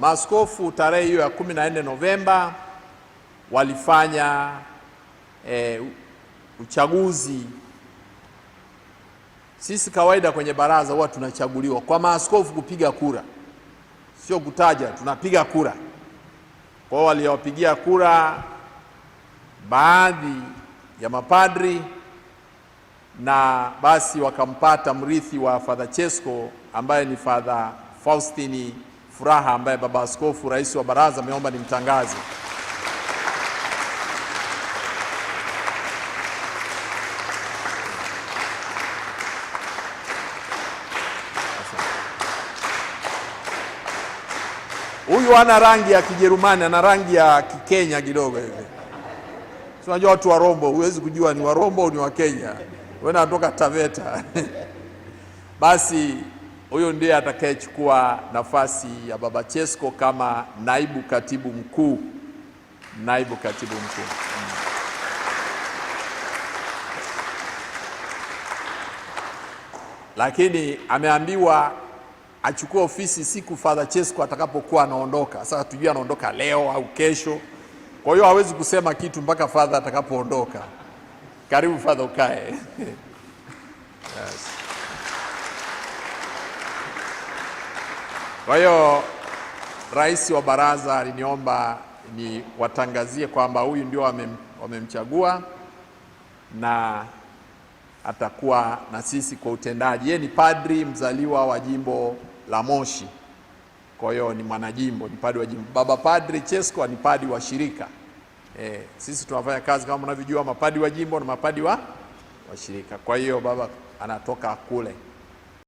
Maaskofu tarehe hiyo ya 14 Novemba walifanya e, uchaguzi. Sisi kawaida kwenye baraza huwa tunachaguliwa kwa maaskofu kupiga kura, sio kutaja, tunapiga kura. Kwa hiyo waliwapigia kura baadhi ya mapadri na basi wakampata mrithi wa Father Chesko ambaye ni Father Faustini Furaha ambaye baba askofu, rais wa baraza, ameomba nimtangaze. Huyu ana rangi ya Kijerumani, ana rangi ya Kikenya kidogo hivi. Si unajua watu wa Rombo, huwezi kujua ni wa Rombo au ni wa Kenya, wewe unatoka Taveta. Basi Huyu ndiye atakayechukua nafasi ya Baba Chesko kama naibu katibu mkuu, naibu katibu mkuu. Lakini ameambiwa achukue ofisi siku Father Chesko atakapokuwa anaondoka. Sasa tujue anaondoka leo au kesho, kwa hiyo hawezi kusema kitu mpaka Father atakapoondoka. Karibu Father, ukae. Kwa hiyo rais wa baraza aliniomba watangazie kwamba huyu ndio wamem, wamemchagua na atakuwa na sisi kwa utendaji. Yeye ni padri mzaliwa wa jimbo la Moshi, kwa hiyo ni mwanajimbo, ni padri wa jimbo. Baba Padri Chesko ni padri wa shirika e, sisi tunafanya kazi kama mnavyojua, mapadi wa jimbo na mapadi wa, wa shirika. Kwa hiyo baba anatoka kule.